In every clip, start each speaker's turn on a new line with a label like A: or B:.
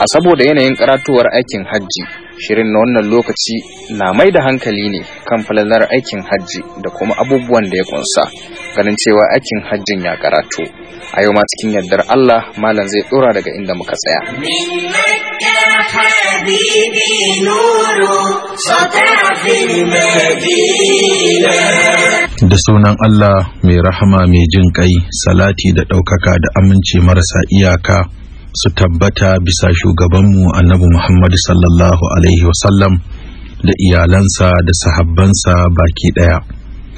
A: A saboda yanayin karatuwar aikin hajji, shirin na wannan lokaci na mai da hankali ne kan falalar aikin hajji da kuma abubuwan da ya kunsa, ganin cewa aikin hajjin ya karatu. A yau ma cikin yardar Allah, Malam zai ɗora daga inda muka tsaya. حبيبي في المدينة da sunan Allah mai rahama mai jin kai salati da ɗaukaka da aminci marasa iyaka su tabbata bisa shugabanmu annabi Muhammad sallallahu alaihi wasallam da iyalansa da sahabbansa baki ɗaya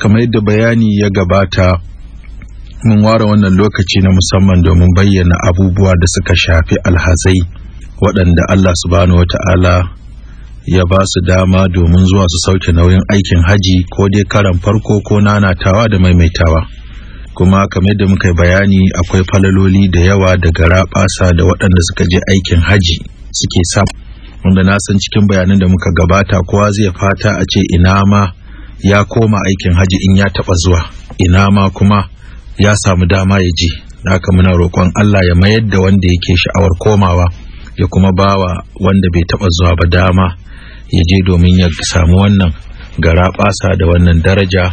A: kamar yadda bayani ya gabata mun ware wannan lokaci na musamman domin bayyana abubuwa da suka shafi alhazai waɗanda Allah subhanahu wata'ala ya ba su dama domin zuwa su sauke nauyin aikin haji ko dai karan farko ko nanatawa da maimaitawa kuma kamar yadda muka bayani akwai falaloli da yawa daga raɓasa da waɗanda suka je aikin haji suke sam wanda na san cikin bayanan da muka gabata kowa zai fata a ce ina ma ya koma aikin haji in ya taɓa zuwa ina ma kuma ya samu dama ya je haka muna roƙon Allah ya mayar da wanda yake sha'awar komawa ya kuma bawa wanda bai taba zuwa ba dama ya je domin ya samu wannan gara basa da wannan daraja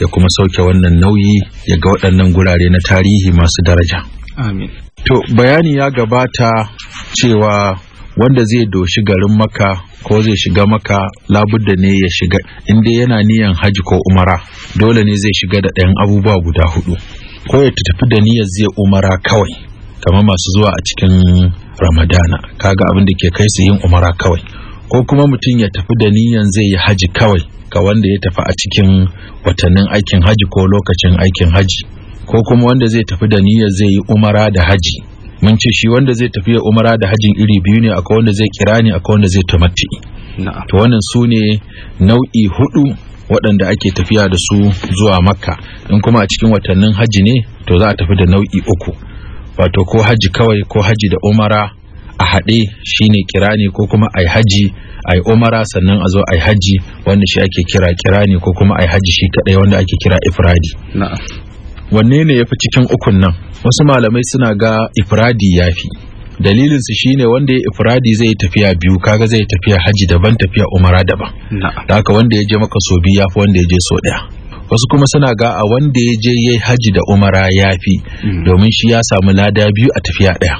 A: ya kuma sauke wannan nauyi ya ga waɗannan gurare na tarihi masu daraja amin to bayani ya gabata cewa wanda zai doshi garin maka ko zai shiga maka labudda ne ya shiga inda yana niyan haji ko umara dole ne zai shiga da ɗayan abubuwa guda hudu ko ya tafi da niyyar zai umara kawai kamar masu zuwa a cikin ramadana kaga abin da ke kai su yin umara kawai ko kuma mutum ya tafi da niyan zai yi haji kawai ga wanda ya tafi a cikin watannin aikin haji ko lokacin aikin haji ko kuma wanda zai tafi da niyan zai yi umara da haji mun ce shi wanda zai tafi ya umara da hajin iri biyu ne akwai wanda zai kira ne akwai wanda zai tumatti to wannan su ne nau'i hudu waɗanda ake tafiya da su zuwa makka in kuma a cikin watannin haji ne to za a tafi da nau'i uku wato ko haji kawai ko haji da umara a haɗe shine kirani ko kuma ai haji ai umara sannan a zo ai haji wanda shi ake kira kirani ko kuma ai haji shi kadai wanda ake kira ifradi wanne ne yafi cikin ukun nan wasu malamai suna ga ifradi yafi dalilin su shine wanda ya ifradi zai tafiya biyu kaga zai tafiya haji daban tafiya umara daban da haka wanda ya je maka so biyu yafi wanda ya je so daya wasu kuma suna ga a wanda ya je yayi haji da umara ya fi mm. domin shi ya samu lada biyu a tafiya daya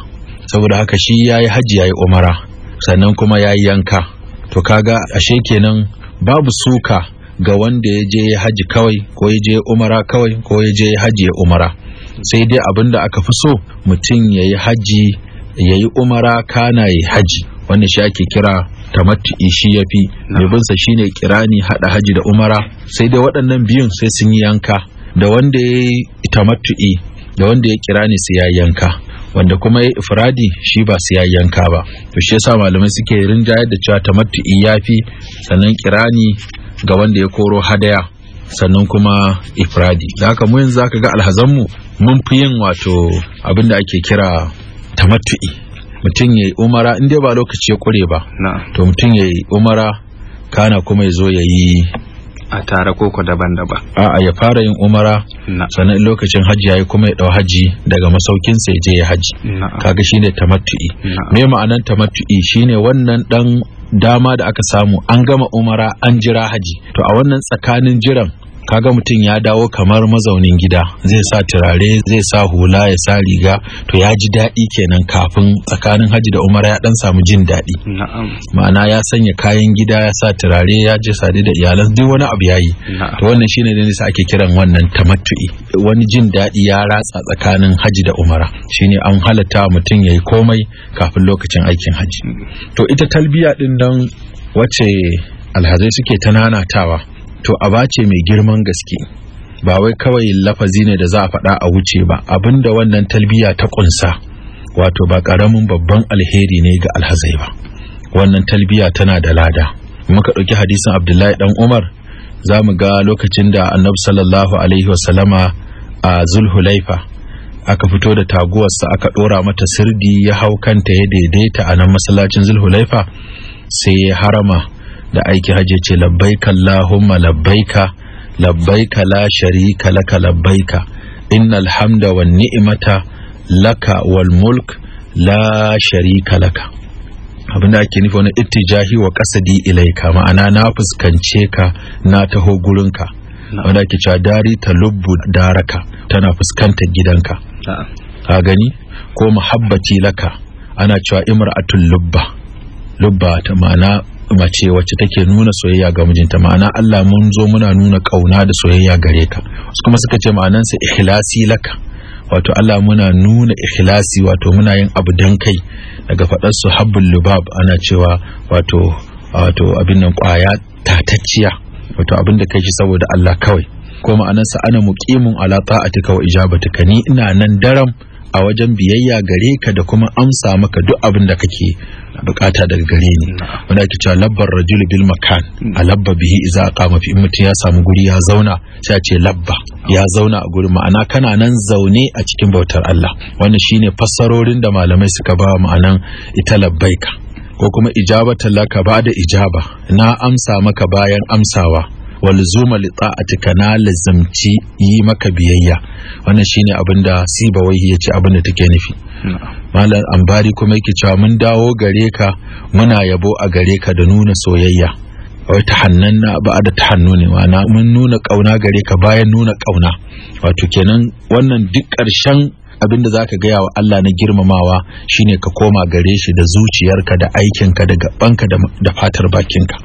A: saboda haka shi yayi haji yayi umara sannan kuma yayi yanka to kaga ashe kenan babu suka ga wanda ya je ya haji kawai ko ya je umara kawai ko ya je haji ya umara sai dai abin da aka fi so mutum ya yi haji ya umara kana ya haji wanda shi ake kira tamattu'i shi yafi mai bin shi ne kirani hada haji da umara sai dai waɗannan biyun sai sun yi yanka da wanda ya yi tamattu'i da wanda ya kirani su ya yanka wanda kuma ya ifradi shi ba su ya yanka ba to shi yasa malamai suke rinjayar da cewa tamattu'i fi sannan kirani ga wanda ya koro hadaya sannan kuma ifradi da haka mu yanzu zaka ga alhazanmu mun fi yin wato abin da ake kira tamattu'i mutum ya yi umara in ba lokaci ya kure ba to mutum ya yi umara kana kuma ya zo ya yi a tare koko daban-daban a ya fara yin umara sannan lokacin hajji ya yi kuma ya ɗau hajji daga masaukin sai je ya hajji kaga shi shine tamattu'i me ma'anan tamattu'i shine wannan dan dama da aka samu an gama umara an jira hajji to a wannan tsakanin jiran kaga mutum ya dawo kamar mazaunin gida zai sa turare zai sa hula ya sa riga to ya ji daɗi kenan kafin tsakanin hajji da umara ya dan samu jin daɗi ma'ana ya sanya kayan gida ya sa turare ya je sadi da iyalan duk wani abu yayi to wannan shine ne nisa ake kiran wannan tamattu'i wani jin daɗi ya ratsa tsakanin hajji da umara shine an halatta mutum yayi komai kafin lokacin aikin haji to ita talbiya din nan wace alhazai suke ta nanatawa to aba ce mai girman gaske ba wai kawai lafazi ne da za a faɗa a wuce ba abinda wannan talbiya ta kunsa wato ba ƙaramin babban alheri ne ga alhazai ba wannan talbiya tana da lada muka ɗauki hadisin abdullahi Dan umar za mu ga lokacin da annab sallallahu alaihi wasallama a zulhulaifa aka fito da taguwarsa aka ɗora mata sirdi ya hau kanta ya daidaita a nan masallacin zulhulaifa sai ya harama da aiki hajji ce labbaika Allahumma labbaika labbaika la sharika laka labbaika innal hamda wan ni'mata laka wal mulk la sharika laka abin da ake nufi wani ittijahi wa kasadi ilaika ma'ana na fuskance ka na taho gurinka wanda ake cewa dari ta lubbu daraka tana fuskantar gidanka ka gani ko muhabbati laka ana cewa imra'atul lubba lubba ta ma'ana mace wacce take nuna soyayya ga mijinta ma'ana Allah mun zo muna nuna kauna da soyayya gare ka wasu kuma suka ce ma'anan sa ikhlasi laka wato Allah muna nuna ikhlasi wato muna yin abu dan kai daga faɗar su habbul lubab ana cewa wato wato abin nan kwaya tatacciya wato abin da kai shi saboda Allah kawai ko ma'anarsa ana muqimin ala ta'atika wa ijabatika ni ina nan daram a wajen biyayya gare ka da kuma amsa maka duk abin da kake bukata daga gare ni wanda ake cewa labbar rajul bil makan mm. a labba bihi iza qama fi mutum ya samu guri ya zauna sai a ce labba ya zauna a guri, ma'ana kana nan zaune a cikin bautar Allah wannan shine fassarorin da malamai suka ba ma'anan ita labbaika ko kuma ijabatan laka ba da ijaba na amsa maka bayan amsawa walzuma li ta'atika na lazimci yi maka biyayya wannan shine abinda Siba wai ya ce abinda da take nufi malam ambari kuma yake cewa mun dawo gare ka muna yabo a gare ka da nuna soyayya wai ta hannun na ba da hannu ne ma'ana mun nuna kauna gare ka bayan nuna kauna wato kenan wannan duk ƙarshen abin da zaka gaya wa Allah na girmamawa shine ka koma gare shi da zuciyarka da aikinka da gabanka da fatar bakinka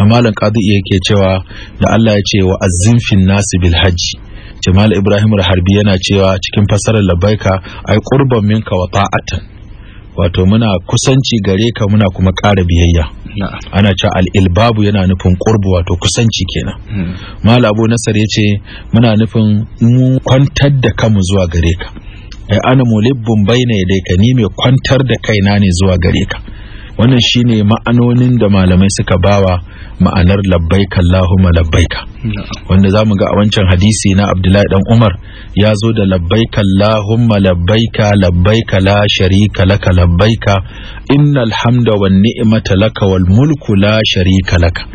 A: amma lan qadi yake cewa da Allah ya ce wa azzin fin nasi bil hajji Jamal Ibrahim Harbi yana cewa cikin fasarar labaika ai qurban minka wa ta'atan wato muna kusanci gare ka muna kuma ƙara biyayya ana cewa al'ilbabu yana nufin ƙurbu wato kusanci kenan hmm. mala abu nasar ya ce muna nufin mu kwantar da kanmu zuwa gare ka ai eh, ana mulibbun baina ka ni mai kwantar da kaina ne zuwa gare ka wannan shine ma'anonin da malamai suka bawa ma'anar labbaika Allahumma labbaika wanda zamu ga a wancan hadisi na Abdullahi dan Umar ya zo da labbaika Allahumma labbaika labbaika la sharika laka labbaika innal hamda wan ni'mata laka wal mulku la sharika laka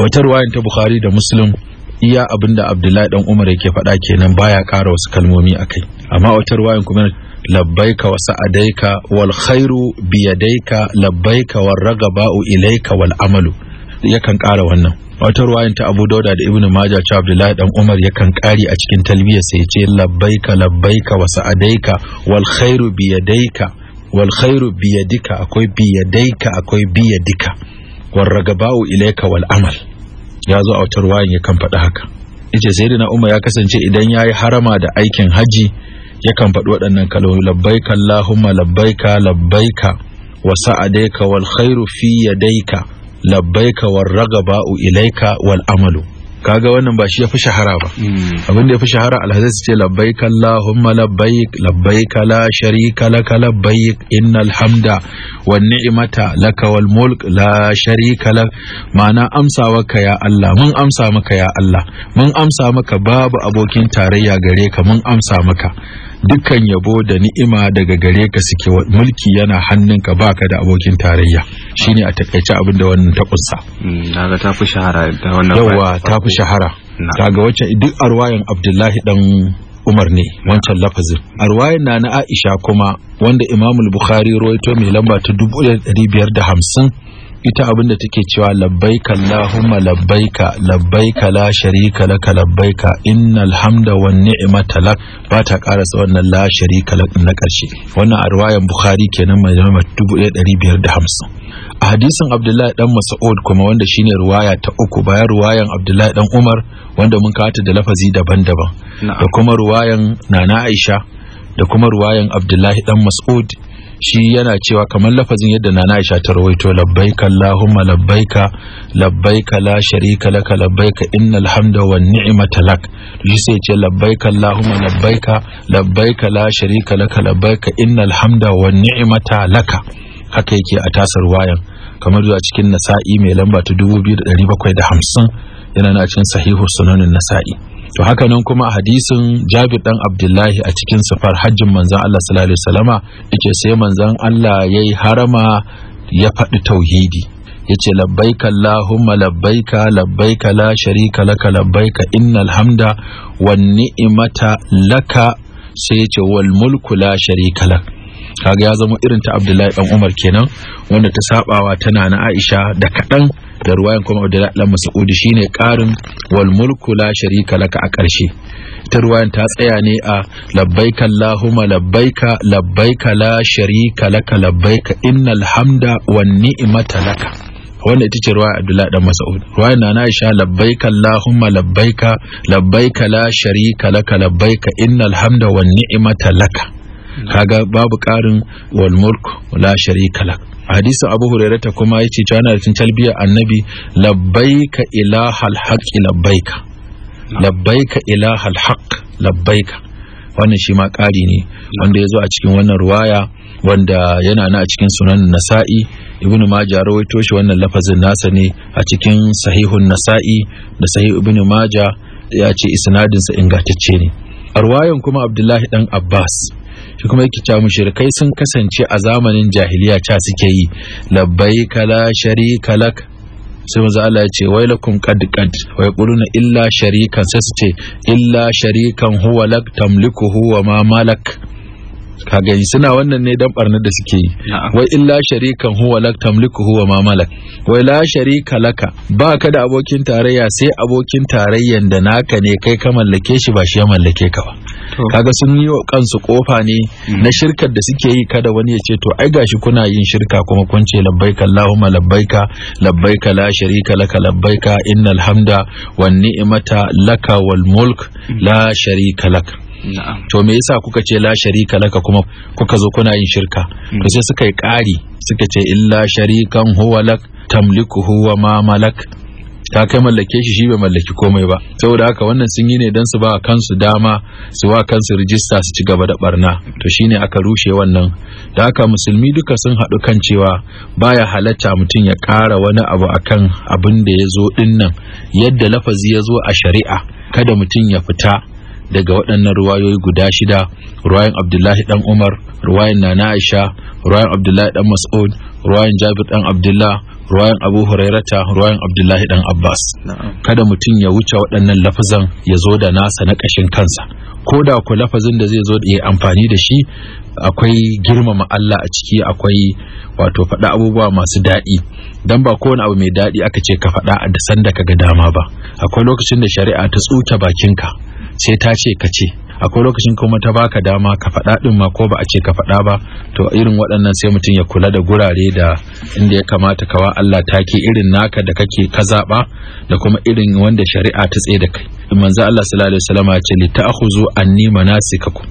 A: wata ta Bukhari da Muslim iya abinda abdullahi dan umar yake faɗa kenan baya ƙara wasu kalmomi a kai amma wata ruwayan kuma labbaika wa sa'adaika wal khairu biyadaika labbaika wal ragaba'u ilaika wal amalu yakan ƙara wannan wata wayan ta Abu Dauda da Ibn Majah cewa Abdullahi dan Umar yakan kari a cikin talbiya sai ya ce labbaika labbaika wa sa'adaika wal khairu biyadaika wal khairu biyadika akwai biyadaika akwai biyadika war ragaba'u ilaika wal amal ya zo a wata ruwayan ya kan faɗi haka yace sayyidina umar ya kasance idan ya yi harama da aikin haji kan faɗi waɗannan kalmomi labbaika allahumma labbaika labbaika wa sa'adaika wal khairu fi labbaika war ragaba'u ilaika wal amalu kaga wannan ba shi ya fi shahara ba abin da ya fi shahara alhazai su ce labbaik allahumma labbaik labbaik la sharika kala labbaik innal hamda wan ni'mata laka wal mulk la shari kala. ma'ana amsawa ka ya Allah mun amsa maka ya Allah mun amsa maka babu abokin tarayya gare ka mun amsa maka dukkan yabo da ni'ima daga gare ka suke mulki yana hannunka baka da abokin tarayya shine a takaice abin da wannan ta kunsa daga hmm, ta fi shahara da wannan yawa ta fi shahara Daga wacce duk arwayan abdullahi dan umar ne wancan lafazin arwayan na na aisha kuma wanda imamul bukhari ruwaito mai lamba ta 1550 ita abin da take cewa labbaika Allahumma labbaika labbaika la sharika laka labbaika innal hamda wan ni'mata lak ba ta karasa wannan la sharika lak na karshe wannan a riwayar Bukhari kenan mai jama'a 1550 a hadisin Abdullahi dan Mas'ud kuma wanda shine riwaya ta uku bayan riwayan Abdullahi dan Umar wanda mun kawo ta da lafazi daban-daban da kuma riwayan Nana Aisha da kuma riwayan abdullahi dan mas'ud shi yana cewa kamar lafazin yadda na Aisha ta rawaito labbaika Allahumma labbaika labbaika la sharika laka labbaika innal hamda wan ni'mata lak shi sai ce labbaika Allahumma labbaika labbaika la sharika laka labbaika innal hamda wan ni'mata laka haka yake a tasar wayan kamar zuwa cikin nasa'i mai lamba ta 2750 yana na cikin sahihu sunanin nasa'i to haka nan kuma hadisin jabir dan abdullahi a cikin safar hajjin Manzon Allah sallallahu alaihi wasallama sai Manzon Allah yayi harama ya faɗi tauhidi yace labbaika allahumma labbaika labbaika la sharika laka labbaika innal hamda wan ni'mata laka sai yace wal mulku la sharika lak kaga ya zama irin ta Abdullahi dan Umar kenan wanda ta sabawa tana na Aisha da kaɗan. da ruwayan kuma Abdullahi dan Mas'udi shine karin wal mulku la sharika laka a karshe ta ruwayan ta tsaya ne a labbaika Allahumma labbaika labbaika la sharika laka labbaika innal hamda wan ni'mata laka wannan ita ce ruwa Abdullahi dan Mas'ud ruwayan na Aisha labbaika Allahumma labbaika labbaika la sharika laka labbaika innal hamda wan ni'mata laka kaga babu karin wal mulk la sharika lak hadisin abu ta kuma yace ce cewa yana da talbiya annabi labbaika ilahal haqqi labbaika labbaika ilahal haqq labbaika wannan shi ma ƙari ne wanda ya zo a cikin wannan ruwaya wanda yana na a cikin sunan nasa'i ibn majah rawaito shi wannan lafazin nasa ne a cikin sahihun nasa'i da sahih ibn majah ya ce isnadinsa ingantacce ne a kuma abdullahi dan abbas shi kuma yake cewa mushrikai sun kasance a zamanin jahiliya ta suke yi labbaika la sharika lak sai manzo Allah ya ce wai lakum qad qad wai quluna illa sharikan sai su ce illa sharikan huwa lak tamlikuhu wa ma malak ka gani suna wannan ne dan barnar da suke yi wai illa sharikan huwa lak tamlikuhu wa ma malak wai la sharika laka ba ka da abokin tarayya sai abokin tarayyan da naka ne kai ka mallake shi ba shi ya mallake ka ba kaga sun yi kansu kofa ne mm. na shirkar da suke yi kada wani ya ce to ai gashi kuna yin shirka kuma kun ce labbaika allahumma labbaika labbaika la sharika laka labbaika innal hamda wan ni'mata laka wal mulk mm. la sharika laka to me yasa kuka ce la sharika laka kuma kuka zo kuna yin shirka mm. to sai suka yi ƙari suka ce illa sharikan huwa lak tamliku huwa ma malak ta kai mallake shi shi bai mallaki komai ba saboda haka wannan sun yi ne don su ba kansu dama su ba kansu rijista su ci gaba da barna to shine aka rushe wannan da haka musulmi duka sun haɗu kan cewa baya halatta mutum ya kara wani abu akan abin da ya zo dinnan yadda lafazi ya zo a shari'a kada mutum ya fita daga waɗannan ruwayoyi guda shida ruwayan abdullahi dan umar ruwayan nana aisha ruwayin abdullahi dan mas'ud ruwayan jabir dan abdullah ruwayan abu hurairata ruwayan abdullahi dan abbas kada mutum ya wuce waɗannan lafazan ya zo da nasa na ƙashin kansa ko da ku lafazin da zai zo da ya amfani da shi akwai girmama Allah a ciki akwai wato faɗa abubuwa masu daɗi dan ba kowane abu mai daɗi aka ce ka faɗa da sanda ka ga dama ba akwai lokacin da shari'a ta tsuke bakinka sai ta ce ka ce akwai lokacin kuma ta baka dama ka faɗa ɗin ma ko ba a ce ka faɗa ba to irin waɗannan sai mutum ya kula da gurare da inda ya kamata kawa Allah take irin naka da kake ka zaɓa da kuma irin wanda shari'a ta tsaye da kai manzo Allah sallallahu alaihi wasallam ya ce li ta'khuzu anni manasikaku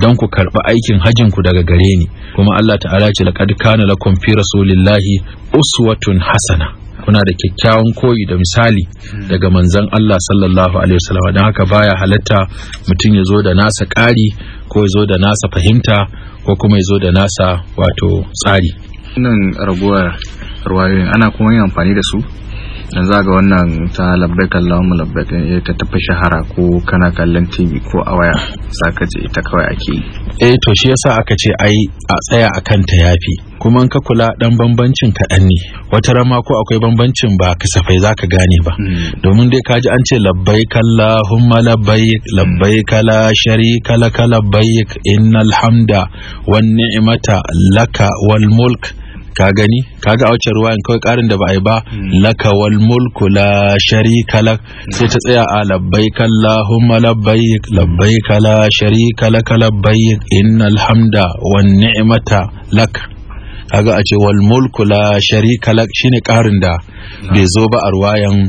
A: don ku karɓi aikin hajjin ku daga gare ni kuma Allah ta'ala ce laqad kana lakum fi rasulillahi uswatun hasana kuna da kyakkyawan koyi da misali daga manzan Allah sallallahu alaihi wasallam don haka baya halatta mutum ya zo da nasa ƙari ko ya zo da nasa fahimta ko kuma ya zo da nasa wato tsari nan raguwar ruwayoyin ana kuma yin amfani da su dan zaga wannan ta labbaik Allahumma labbaik in eh, ta tafi shahara ko kana kallon TV ko a waya saka ce ita kawai ake eh to shi yasa aka ce ai a tsaya akan ta yafi kuma ka kula dan bambancin kaɗan ne wata rama ko akwai bambancin ba kasafai za ka gane ba hmm. domin dai ka ji an ce labbai kallahumma labbai labbai kala shari kala kala bayyik innal hamda wan ni'mata laka wal mulk ka gani kaga a wacce ruwayan kawai karin da ba a yi ba hmm. laka wal mulku la sharika lak hmm. sai ta tsaya a labbaik allahumma labbaik labbaik la sharika lak labbaik innal hamda wan ni'mata lak kaga a ce wal mulku la sharika lak shine karin da bai zo ba a ruwayan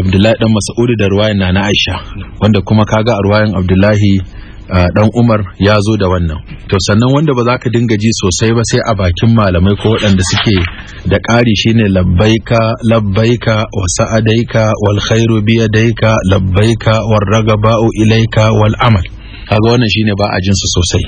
A: Abdullahi dan mas'udi da ruwayan Nana Aisha wanda kuma kaga a ruwayan Abdullahi dan Umar ya zo da wannan to sannan wanda ba za ka dinga ji sosai ba sai a bakin malamai ko waɗanda suke da ƙari shine labbaika labbaika wa sa'adaika wal khairu bi yadaika labbaika war ragaba'u ilaika wal amal kaga wannan shine ba a jin su sosai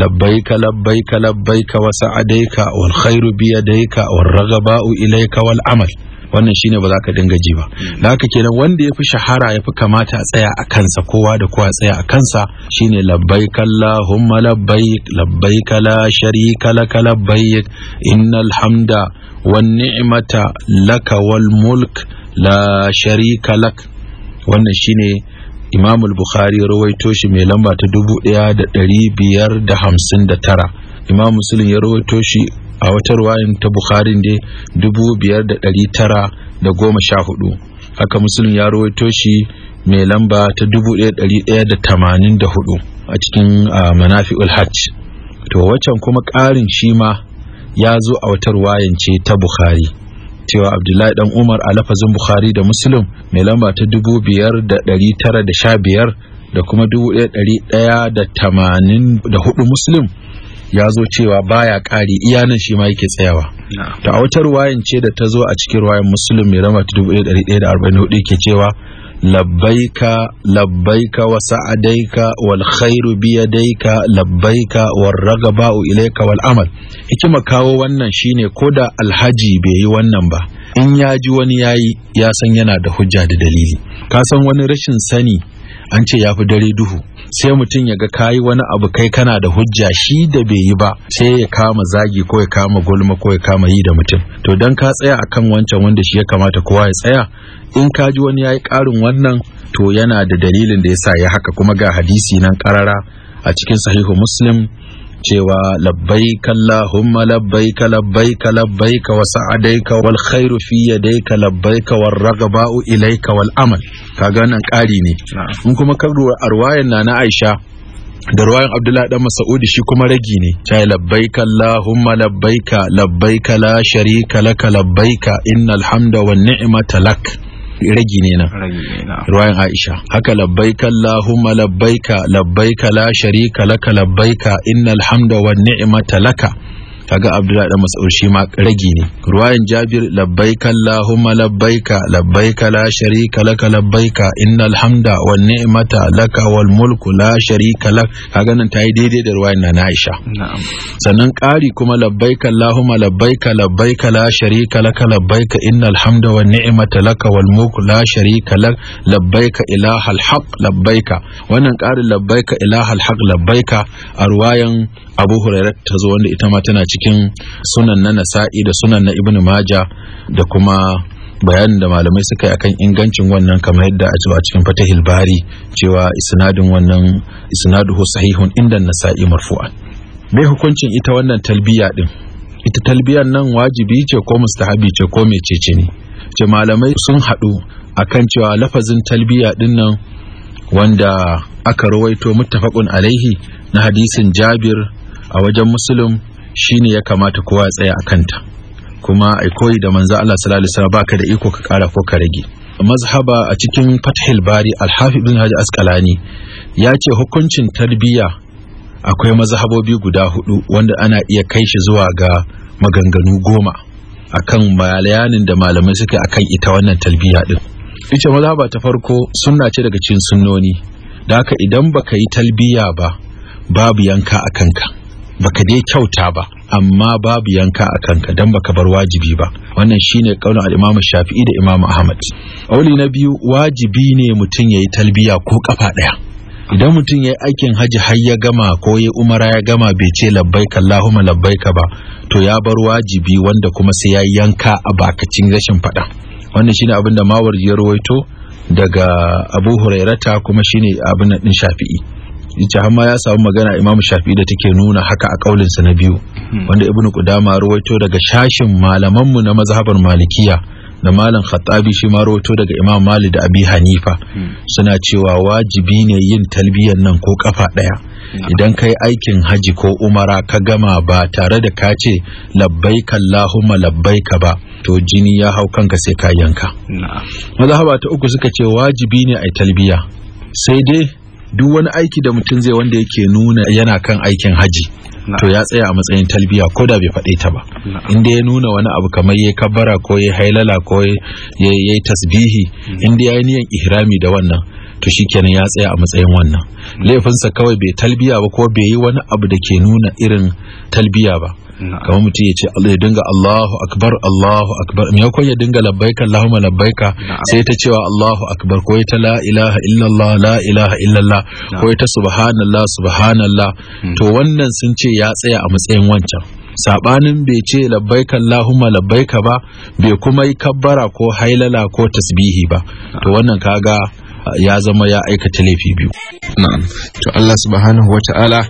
A: labbaika labbaika labbaika wa sa'adaika wal khairu bi yadaika wal ragaba'u ilaika wal amal wannan shine ba za ka dinga ji ba da haka kenan wanda ya fi shahara ya fi kamata a tsaya a kansa kowa da kowa tsaya a kansa shine labbaik allahumma labbaik labbaik la sharika laka labbaik innal hamda wan ni'mata laka wal mulk la sharika lak wannan shine Imam al-Bukhari rawaito shi mai lamba ta 1559 Imam Muslim ya rawaito shi a wata ruwayin ta Bukhari ne hudu. haka Muslim ya rawaito shi mai lamba ta 1184 a cikin manafi'ul hajj to wacan kuma ƙarin shi ma ya zo a wata ruwayan ce ta Bukhari cewa abdullahi dan umar a lafazin bukhari da muslim mai lamba ta 5915 da kuma 1184 muslim ya zo cewa baya ƙari iyanan shi ma yake tsayawa ta a wata ruwayan ce da ta zo a cikin ruwayan muslim mai lamba ta 1144 ke cewa labbaika labbaika wa sa'adaika wal khairu biyadaika labbaika war ba'u ilaika wal amal hikima kawo wannan shine da alhaji bai yi wannan ba in ya ji wani yayi ya san yana da hujja da dalili ka san wani rashin sani an ce yafi dare duhu sai mutum ya ga kayi wani abu kai kana da hujja shi da bai yi ba sai ya kama zagi ko ya kama gulma ko ya kama yi da mutum to dan ka tsaya akan wancan wanda shi ya kamata kowa ya tsaya in ka ji wani yayi karin wannan to yana da dalilin da yasa ya haka kuma ga hadisi nan karara a cikin sahihu muslim cewa labbai Allahumma labbaik labbaik labbaik wa sa'adaika wal khairu fi labbai ka war ragaba'u ilaika wal amal kaga nan ƙari ne In kuma kabru arwayan na na Aisha da ruwayan abdullahi dan mas'udi shi kuma ragi ne ta labbai ka labbai ka la sharika laka ka innal hamda wa ni'mata lak ragi ne nan ruwayan aisha haka labbaika allahumma labbaika labbaika la sharika laka labbaika innal hamda wan ni'mata laka kaga abdullahi dan mas'ud shi ma ragi ne ruwayan jabir labbaika allahumma labbaika labbaika la sharika laka labbaika innal hamda wan ni'mata laka wal mulku la sharika lak kaga nan tayi daidai da ruwayan na Aisha sannan Kari kuma labbaika allahumma labbaika labbaika la sharika laka labbaika innal hamda wan ni'mata laka wal mulku la sharika lak labbaika ilahal haq labbaika wannan Karin labbaika ilahal haq labbaika a ruwayan Abu Hurairah ta zo wanda ita ma tana cikin cikin sunan na nasa'i da sunan na ibn maja da kuma bayanin da malamai suka yi akan ingancin wannan kamar yadda a cewa cikin fatahil bari cewa isnadin wannan isnaduhu sahihun inda nasa'i marfu'an me hukuncin ita wannan talbiya din ita talbiyan nan wajibi ce ko mustahabi ce ko mecece ne ce malamai sun haɗu akan cewa lafazin talbiya din nan wanda aka rawaito muttafaqun alaihi na hadisin Jabir a wajen Muslim shine ya kamata kowa ya tsaya a kanta kuma ai koyi da manzo Allah sallallahu alaihi wasallam baka da iko ka kara ko ka rage mazhaba a cikin fathil bari al-hafiz ibn hajar asqalani ya ce hukuncin tarbiyya akwai mazhabobi guda hudu wanda ana iya kai shi zuwa ga maganganu goma akan malayanin da malamai suke akan ita wannan talbiya din ita mazhaba ta farko sunna ce daga cikin sunnoni da haka idan baka yi talbiya ba babu yanka a kanka baka dai kyauta ba amma babu yanka a kanka dan baka bar wajibi ba wannan shine kaulin al Shafi'i da Imam Ahmad auli na biyu wajibi ne mutum yayi talbiya ko kafa daya idan mutum ya yi aikin haji har ya gama ko yayi umara ya gama bai ce labbaika Allahumma labbaika ba to ya bar wajibi wanda kuma sai ya yanka a bakacin rashin fada wannan shine abin da Mawar ya rawaito daga Abu Hurairata kuma shine abin din Shafi'i yace ma ya samu magana Imam Shafi'i da take nuna haka a kaulin na biyu hmm. wanda Ibn Qudama rawaito daga shashin malaman mu na mazhabar Malikiya da Malam Khattabi shi ma rawaito daga Imam Malik da Abi Hanifa hmm. suna cewa wajibi ne yin talbiyan nan ko kafa daya hmm. idan kai aikin haji ko umara ka gama ba tare da ka ce labbaika Allahumma labbaika ba to jini ya hau kanka sai ka yanka mazhaba ta uku suka ce wajibi ne ai talbiya sai dai duk wani aiki da mutum zai wanda yake nuna yana kan aikin haji to ya tsaya a matsayin talbiya ko da bai faɗe ta ba inda ya nuna wani abu kamar ya kabbara ko ya hailala ko ya tasbihi mm. inda ya yi niyan ihrami da wannan to kenan ya tsaya a matsayin wannan laifinsa kawai bai talbiya ba ko bai yi wani abu da ke nuna irin talbiya ba kamar mutum ya ce ya dinga Allahu akbar Allahu akbar me yakon ya dinga labbaika Allahumma labbaika sai ta cewa Allahu akbar ko ta la ilaha illallah la ilaha illallah ko ta subhanallah subhanallah hmm. to wannan sun ce ya tsaya a matsayin wancan sabanin bai ce labbaika Allahumma labbaika ba bai kuma yi kabbara ko hailala ko tasbihi ba to wannan kaga ya zama ya aikata laifi biyu na'am to Allah subhanahu wata'ala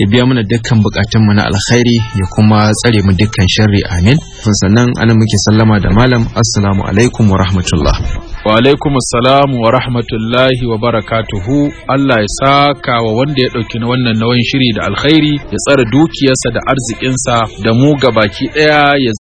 A: ya biya mana dukkan bukatun mu na alkhairi ya kuma tsare mu dukkan sharri amin sannan ana muke sallama da malam assalamu alaikum wa rahmatullah wa alaikum assalam wa rahmatullahi wa barakatuhu Allah ya saka wa wanda ya ɗauki wannan nawan shiri da alkhairi ya tsare dukiyarsa da arzikinsa da mu gabaki ɗaya ya